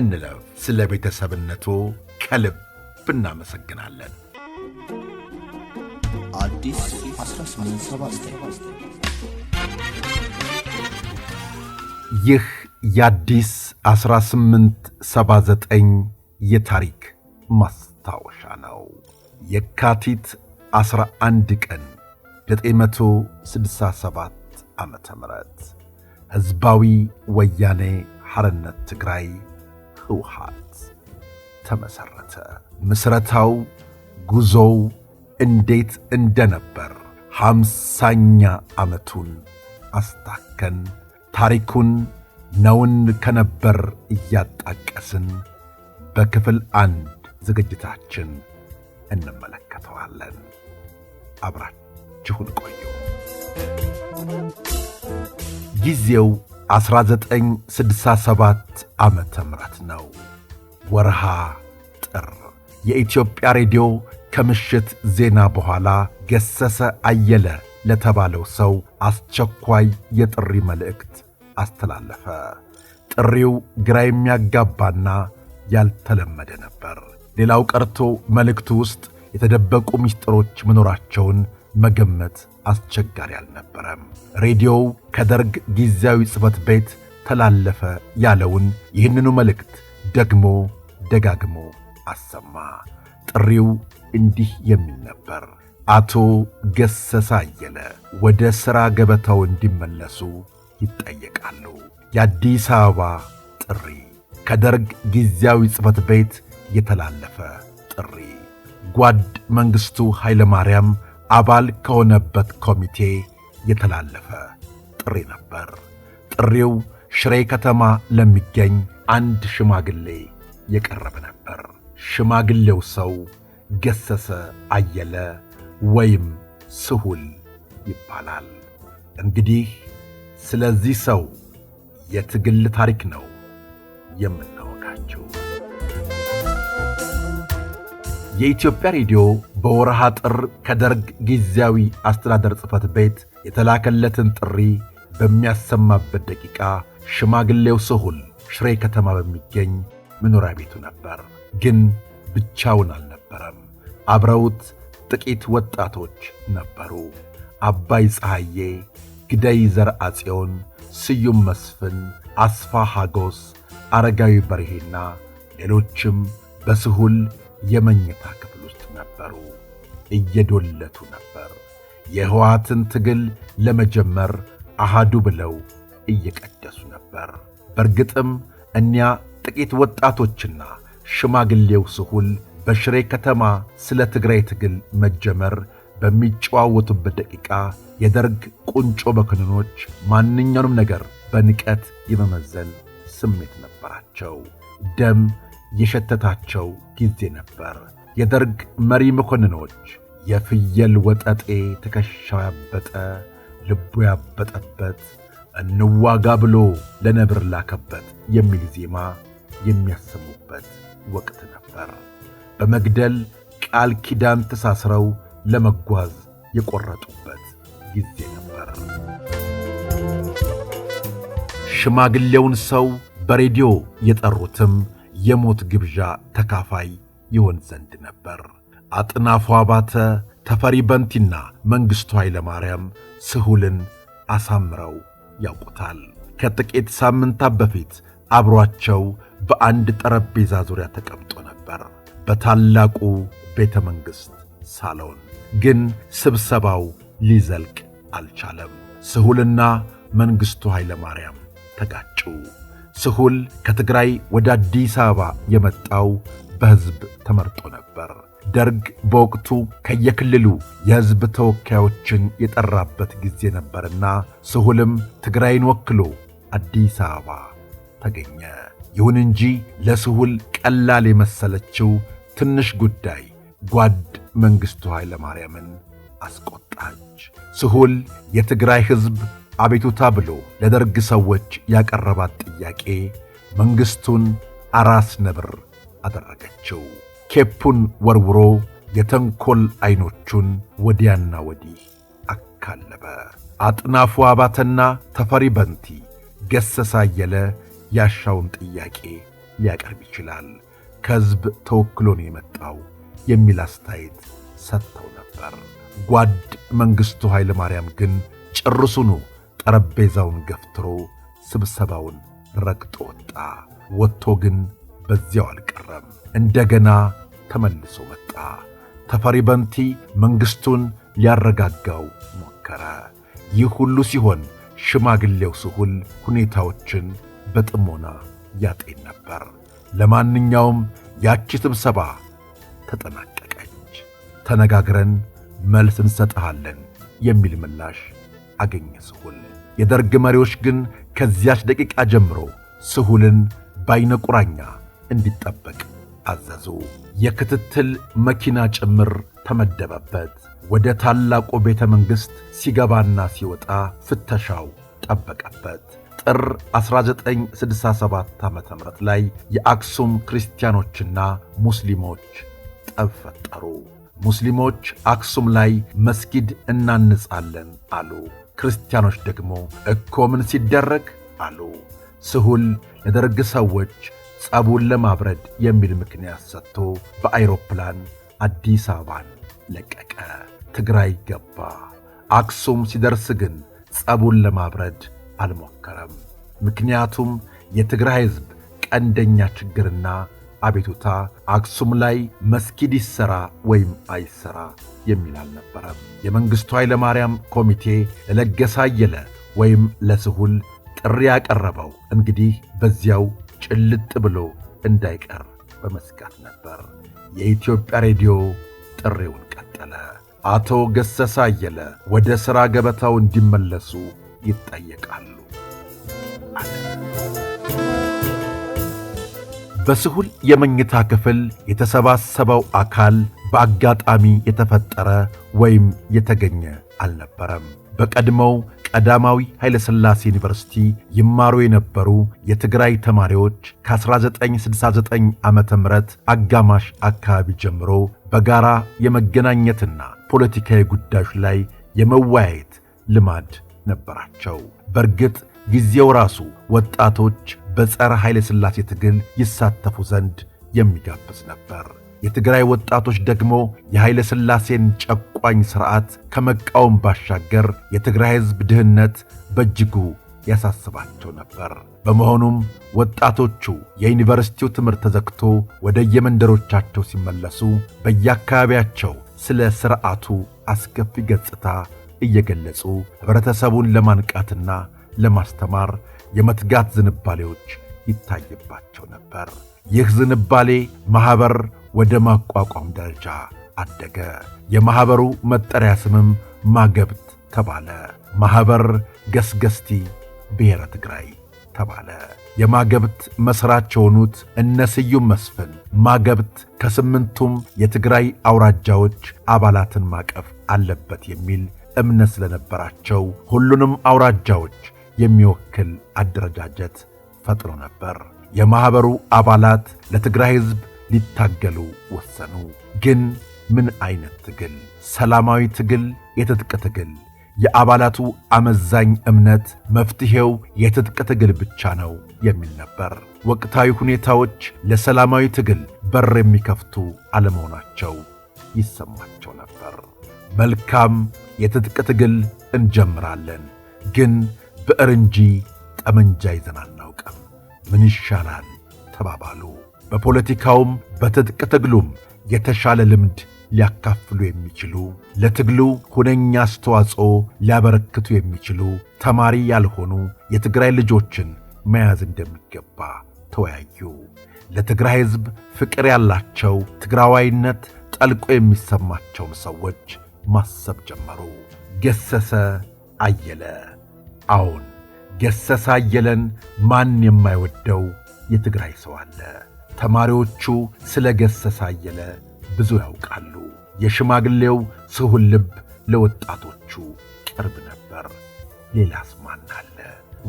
እንለፍ። ስለ ቤተሰብነቱ ከልብ እናመሰግናለን። ይህ የአዲስ 1879 የታሪክ ማስታወሻ ነው። የካቲት 11 ቀን 967 ዓ ም ሕዝባዊ ወያኔ ሐርነት ትግራይ ህውሃት ተመሠረተ። ምስረታው ጉዞው እንዴት እንደነበር ሃምሳኛ ዓመቱን አስታከን ታሪኩን ነውን ከነበር እያጣቀስን በክፍል አንድ ዝግጅታችን እንመለከተዋለን። አብራችሁን ቆዩ። ጊዜው 1967 ዓ ም ነው። ወርሃ ጥር የኢትዮጵያ ሬዲዮ ከምሽት ዜና በኋላ ገሰሰ አየለ ለተባለው ሰው አስቸኳይ የጥሪ መልእክት አስተላለፈ። ጥሪው ግራ የሚያጋባና ያልተለመደ ነበር። ሌላው ቀርቶ መልእክቱ ውስጥ የተደበቁ ምስጢሮች መኖራቸውን መገመት አስቸጋሪ አልነበረም። ሬዲዮው ከደርግ ጊዜያዊ ጽሕፈት ቤት ተላለፈ ያለውን ይህንኑ መልእክት ደግሞ ደጋግሞ አሰማ። ጥሪው እንዲህ የሚል ነበር። አቶ ገሰሳ አየለ ወደ ሥራ ገበታው እንዲመለሱ ይጠየቃሉ። የአዲስ አበባ ጥሪ፣ ከደርግ ጊዜያዊ ጽሕፈት ቤት የተላለፈ ጥሪ። ጓድ መንግሥቱ ኃይለማርያም አባል ከሆነበት ኮሚቴ የተላለፈ ጥሪ ነበር። ጥሪው ሽሬ ከተማ ለሚገኝ አንድ ሽማግሌ የቀረበ ነበር። ሽማግሌው ሰው ገሰሰ አየለ ወይም ስሁል ይባላል። እንግዲህ ስለዚህ ሰው የትግል ታሪክ ነው የምናወጋቸው። የኢትዮጵያ ሬዲዮ በወርሃ ጥር ከደርግ ጊዜያዊ አስተዳደር ጽፈት ቤት የተላከለትን ጥሪ በሚያሰማበት ደቂቃ ሽማግሌው ስሁል ሽሬ ከተማ በሚገኝ መኖሪያ ቤቱ ነበር። ግን ብቻውን አልነበረም። አብረውት ጥቂት ወጣቶች ነበሩ። አባይ ፀሐዬ፣ ዘር ዘርአጽዮን፣ ስዩም መስፍን፣ አስፋ ሐጎስ፣ አረጋዊ በርሄና ሌሎችም በስሁል የመኝታ ክፍል ውስጥ ነበሩ። እየዶለቱ ነበር። የህዋትን ትግል ለመጀመር አሃዱ ብለው እየቀደሱ ነበር። በእርግጥም እኒያ ጥቂት ወጣቶችና ሽማግሌው ስሁል በሽሬ ከተማ ስለ ትግራይ ትግል መጀመር በሚጨዋወቱበት ደቂቃ የደርግ ቁንጮ መኮንኖች ማንኛውንም ነገር በንቀት የመመዘን ስሜት ነበራቸው። ደም የሸተታቸው ጊዜ ነበር። የደርግ መሪ መኮንኖች የፍየል ወጠጤ ትከሻው ያበጠ ልቡ ያበጠበት እንዋጋ ብሎ ለነብር ላከበት የሚል ዜማ የሚያሰሙበት ወቅት ነበር። በመግደል ቃል ኪዳን ተሳስረው ለመጓዝ የቆረጡበት ጊዜ ነበር። ሽማግሌውን ሰው በሬዲዮ የጠሩትም የሞት ግብዣ ተካፋይ ይሆን ዘንድ ነበር። አጥናፉ አባተ፣ ተፈሪ በንቲና መንግሥቱ ኃይለማርያም ስሁልን አሳምረው ያውቁታል። ከጥቂት ሳምንታት በፊት አብሯቸው በአንድ ጠረጴዛ ዙሪያ ተቀምጦ ነበር በታላቁ ቤተ መንግሥት ሳሎን። ግን ስብሰባው ሊዘልቅ አልቻለም። ስሁልና መንግሥቱ ኃይለማርያም ተጋጩ። ስሁል ከትግራይ ወደ አዲስ አበባ የመጣው በሕዝብ ተመርጦ ነበር። ደርግ በወቅቱ ከየክልሉ የሕዝብ ተወካዮችን የጠራበት ጊዜ ነበርና ስሁልም ትግራይን ወክሎ አዲስ አበባ ተገኘ። ይሁን እንጂ ለስሁል ቀላል የመሰለችው ትንሽ ጉዳይ ጓድ መንግሥቱ ኃይለማርያምን አስቆጣች። ስሁል የትግራይ ሕዝብ አቤቱታ ብሎ ለደርግ ሰዎች ያቀረባት ጥያቄ መንግሥቱን አራስ ነብር አደረገችው። ኬፑን ወርውሮ የተንኰል ዐይኖቹን ወዲያና ወዲህ አካለበ። አጥናፉ አባተና ተፈሪ በንቲ ገሰሳ አየለ ያሻውን ጥያቄ ሊያቀርብ ይችላል፣ ከሕዝብ ተወክሎ ነው የመጣው የሚል አስተያየት ሰጥተው ነበር። ጓድ መንግሥቱ ኃይለ ማርያም ግን ጭርሱኑ ጠረጴዛውን ገፍትሮ ስብሰባውን ረግጦ ወጣ። ወጥቶ ግን በዚያው አልቀረም። እንደገና ተመልሶ መጣ። ተፈሪ በንቲ መንግሥቱን ሊያረጋጋው ሞከረ። ይህ ሁሉ ሲሆን ሽማግሌው ስሁል ሁኔታዎችን በጥሞና ያጤን ነበር። ለማንኛውም ያቺ ስብሰባ ተጠናቀቀች። ተነጋግረን መልስ እንሰጥሃለን የሚል ምላሽ አገኘ ስሁል። የደርግ መሪዎች ግን ከዚያች ደቂቃ ጀምሮ ስሁልን በዓይነ ቁራኛ እንዲጠበቅ አዘዙ። የክትትል መኪና ጭምር ተመደበበት። ወደ ታላቁ ቤተ መንግሥት ሲገባና ሲወጣ ፍተሻው ጠበቀበት። ጥር 1967 ዓ ም ላይ የአክሱም ክርስቲያኖችና ሙስሊሞች ጠብ ፈጠሩ። ሙስሊሞች አክሱም ላይ መስጊድ እናንጻለን አሉ። ክርስቲያኖች ደግሞ እኮ ምን ሲደረግ አሉ። ስሁል ለደርግ ሰዎች ጸቡን ለማብረድ የሚል ምክንያት ሰጥቶ በአይሮፕላን አዲስ አበባን ለቀቀ። ትግራይ ገባ። አክሱም ሲደርስ ግን ጸቡን ለማብረድ አልሞከረም። ምክንያቱም የትግራይ ሕዝብ ቀንደኛ ችግርና አቤቱታ አክሱም ላይ መስጊድ ይሠራ ወይም አይሠራ የሚል አልነበረም። የመንግሥቱ ኃይለማርያም ኮሚቴ ለለገሳ አየለ ወይም ለስሁል ጥሪ ያቀረበው እንግዲህ በዚያው ጭልጥ ብሎ እንዳይቀር በመስጋት ነበር። የኢትዮጵያ ሬዲዮ ጥሪውን ቀጠለ። አቶ ገሰሳ አየለ ወደ ሥራ ገበታው እንዲመለሱ ይጠየቃሉ። በስሁል የመኝታ ክፍል የተሰባሰበው አካል በአጋጣሚ የተፈጠረ ወይም የተገኘ አልነበረም። በቀድሞው ቀዳማዊ ኃይለሥላሴ ዩኒቨርሲቲ ይማሩ የነበሩ የትግራይ ተማሪዎች ከ1969 ዓ ም አጋማሽ አካባቢ ጀምሮ በጋራ የመገናኘትና ፖለቲካዊ ጉዳዮች ላይ የመወያየት ልማድ ነበራቸው። በእርግጥ ጊዜው ራሱ ወጣቶች በጸረ ኃይለ ሥላሴ ትግል ይሳተፉ ዘንድ የሚጋብዝ ነበር። የትግራይ ወጣቶች ደግሞ የኃይለ ሥላሴን ጨቋኝ ሥርዓት ከመቃወም ባሻገር የትግራይ ሕዝብ ድህነት በእጅጉ ያሳስባቸው ነበር። በመሆኑም ወጣቶቹ የዩኒቨርሲቲው ትምህርት ተዘግቶ ወደ የመንደሮቻቸው ሲመለሱ በየአካባቢያቸው ስለ ሥርዓቱ አስከፊ ገጽታ እየገለጹ ኅብረተሰቡን ለማንቃትና ለማስተማር የመትጋት ዝንባሌዎች ይታይባቸው ነበር። ይህ ዝንባሌ ማኅበር ወደ ማቋቋም ደረጃ አደገ። የማኅበሩ መጠሪያ ስምም ማገብት ተባለ። ማኅበር ገስገስቲ ብሔረ ትግራይ ተባለ። የማገብት መሥራች የሆኑት እነ ስዩም መስፍን ማገብት ከስምንቱም የትግራይ አውራጃዎች አባላትን ማቀፍ አለበት የሚል እምነት ስለነበራቸው ሁሉንም አውራጃዎች የሚወክል አደረጃጀት ፈጥሮ ነበር። የማኅበሩ አባላት ለትግራይ ሕዝብ ሊታገሉ ወሰኑ። ግን ምን አይነት ትግል? ሰላማዊ ትግል? የትጥቅ ትግል? የአባላቱ አመዛኝ እምነት መፍትሔው የትጥቅ ትግል ብቻ ነው የሚል ነበር። ወቅታዊ ሁኔታዎች ለሰላማዊ ትግል በር የሚከፍቱ አለመሆናቸው ይሰማቸው ነበር። መልካም የትጥቅ ትግል እንጀምራለን፣ ግን ብዕር እንጂ ጠመንጃ ይዘን አናውቅም፣ ምን ይሻላል ተባባሉ። በፖለቲካውም በትጥቅ ትግሉም የተሻለ ልምድ ሊያካፍሉ የሚችሉ ለትግሉ ሁነኛ አስተዋጽኦ ሊያበረክቱ የሚችሉ ተማሪ ያልሆኑ የትግራይ ልጆችን መያዝ እንደሚገባ ተወያዩ። ለትግራይ ሕዝብ ፍቅር ያላቸው ትግራዋይነት ጠልቆ የሚሰማቸውን ሰዎች ማሰብ ጀመሩ። ገሰሰ አየለ አዎን ገሰሳ አየለን ማን የማይወደው የትግራይ ሰው አለ። ተማሪዎቹ ስለ ገሰሳ አየለ ብዙ ያውቃሉ። የሽማግሌው ስሁን ልብ ለወጣቶቹ ቅርብ ነበር። ሌላስ ማን አለ?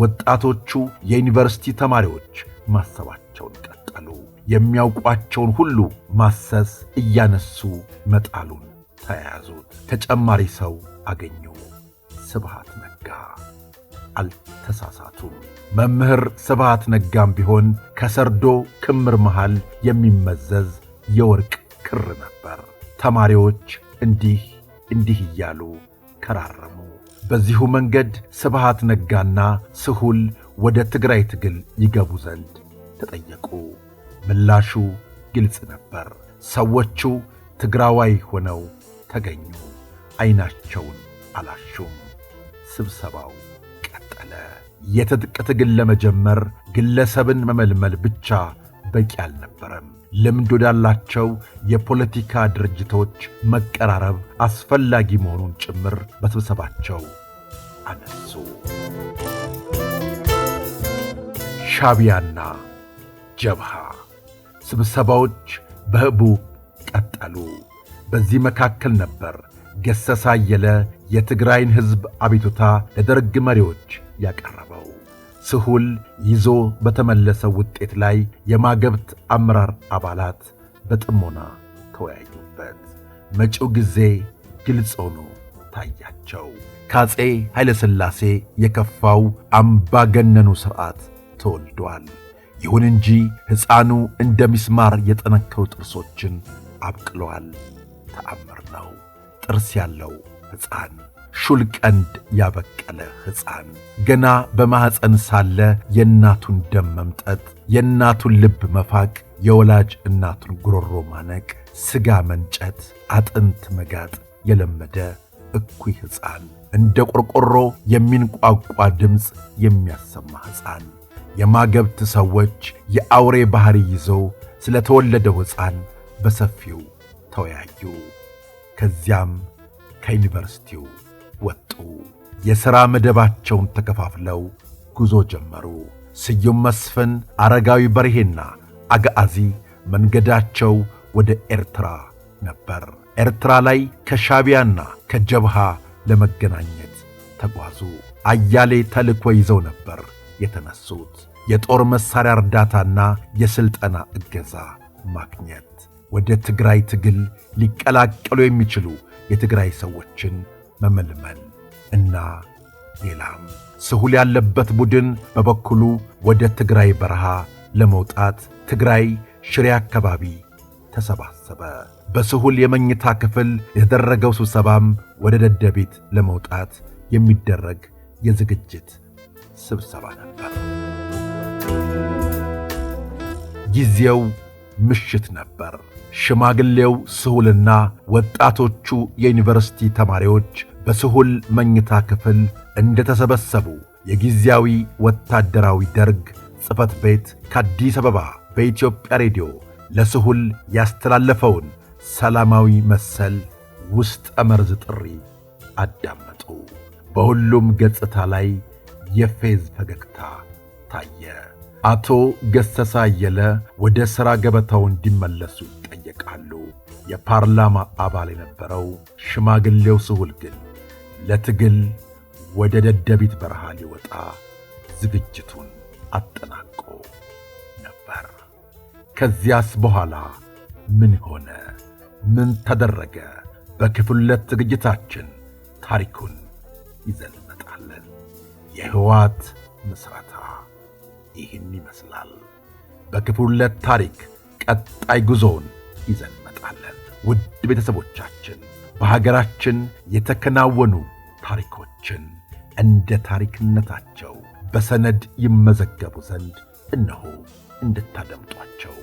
ወጣቶቹ የዩኒቨርሲቲ ተማሪዎች ማሰባቸውን ቀጠሉ። የሚያውቋቸውን ሁሉ ማሰስ፣ እያነሱ መጣሉን ተያያዙት። ተጨማሪ ሰው አገኙ። ስብሃት ነጋ አልተሳሳቱም። መምህር ስብሃት ነጋም ቢሆን ከሰርዶ ክምር መሃል የሚመዘዝ የወርቅ ክር ነበር። ተማሪዎች እንዲህ እንዲህ እያሉ ከራረሙ። በዚሁ መንገድ ስብሃት ነጋና ስሁል ወደ ትግራይ ትግል ይገቡ ዘንድ ተጠየቁ። ምላሹ ግልጽ ነበር። ሰዎቹ ትግራዋይ ሆነው ተገኙ። ዐይናቸውን አላሹም። ስብሰባው የትጥቅ ትግል ለመጀመር ግለሰብን መመልመል ብቻ በቂ አልነበረም። ልምድ ወዳላቸው የፖለቲካ ድርጅቶች መቀራረብ አስፈላጊ መሆኑን ጭምር በስብሰባቸው አነሱ። ሻቢያና ጀብሃ ስብሰባዎች በህቡ ቀጠሉ። በዚህ መካከል ነበር ገሰሳ አየለ የትግራይን ሕዝብ አቤቱታ ለደርግ መሪዎች ያቀረበው ስሁል ይዞ በተመለሰው ውጤት ላይ የማገብት አመራር አባላት በጥሞና ተወያዩበት። መጪው ጊዜ ግልጽ ሆኖ ታያቸው። ከአጼ ኃይለሥላሴ የከፋው አምባገነኑ ሥርዓት ተወልዷል። ይሁን እንጂ ሕፃኑ እንደ ሚስማር የጠነከሩ ጥርሶችን አብቅሏል ተአምር ነው። ጥርስ ያለው ሕፃን፣ ሹል ቀንድ ያበቀለ ሕፃን ገና በማኅፀን ሳለ የእናቱን ደም መምጠጥ፣ የእናቱን ልብ መፋቅ፣ የወላጅ እናቱን ጉሮሮ ማነቅ፣ ሥጋ መንጨት፣ አጥንት መጋጥ የለመደ እኩይ ሕፃን እንደ ቆርቆሮ የሚንቋቋ ድምፅ የሚያሰማ ሕፃን የማገብት ሰዎች የአውሬ ባሕሪ ይዘው ስለ ተወለደው ሕፃን በሰፊው ተወያዩ። ከዚያም ከዩኒቨርሲቲው ወጡ። የሥራ መደባቸውን ተከፋፍለው ጉዞ ጀመሩ። ስዩም መስፍን፣ አረጋዊ በርሄና አጋአዚ መንገዳቸው ወደ ኤርትራ ነበር። ኤርትራ ላይ ከሻቢያና ከጀብሃ ለመገናኘት ተጓዙ። አያሌ ተልእኮ ይዘው ነበር የተነሱት፤ የጦር መሣሪያ እርዳታና የሥልጠና እገዛ ማግኘት ወደ ትግራይ ትግል ሊቀላቀሉ የሚችሉ የትግራይ ሰዎችን መመልመል እና ሌላም ስሁል ያለበት ቡድን በበኩሉ ወደ ትግራይ በረሃ ለመውጣት ትግራይ ሽሬ አካባቢ ተሰባሰበ። በስሁል የመኝታ ክፍል የተደረገው ስብሰባም ወደ ደደቤት ለመውጣት የሚደረግ የዝግጅት ስብሰባ ነበር። ጊዜው ምሽት ነበር። ሽማግሌው ስሁልና ወጣቶቹ የዩኒቨርሲቲ ተማሪዎች በስሁል መኝታ ክፍል እንደተሰበሰቡ የጊዜያዊ ወታደራዊ ደርግ ጽፈት ቤት ከአዲስ አበባ በኢትዮጵያ ሬዲዮ ለስሁል ያስተላለፈውን ሰላማዊ መሰል ውስጥ መርዝ ጥሪ አዳመጡ። በሁሉም ገጽታ ላይ የፌዝ ፈገግታ ታየ። አቶ ገሰሳ አየለ ወደ ሥራ ገበታው እንዲመለሱ ይጠብቃሉ። የፓርላማ አባል የነበረው ሽማግሌው ስሁል ግን ለትግል ወደ ደደቢት በረሃ ሊወጣ ዝግጅቱን አጠናቆ ነበር። ከዚያስ በኋላ ምን ሆነ? ምን ተደረገ? በክፍል ሁለት ዝግጅታችን ታሪኩን ይዘን እንመጣለን። ምስረታ ይህን ይመስላል። በክፍል ሁለት ታሪክ ቀጣይ ጉዞውን ይዘን እንመጣለን። ውድ ቤተሰቦቻችን በሀገራችን የተከናወኑ ታሪኮችን እንደ ታሪክነታቸው በሰነድ ይመዘገቡ ዘንድ እነሆ እንድታደምጧቸው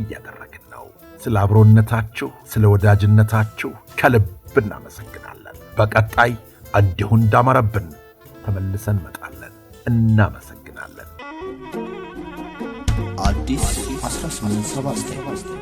እያደረግን ነው። ስለ አብሮነታችሁ፣ ስለ ወዳጅነታችሁ ከልብ እናመሰግናለን። በቀጣይ እንዲሁ እንዳመረብን ተመልሰን እንመጣለን። እናመሰግናለን። አዲስ 1879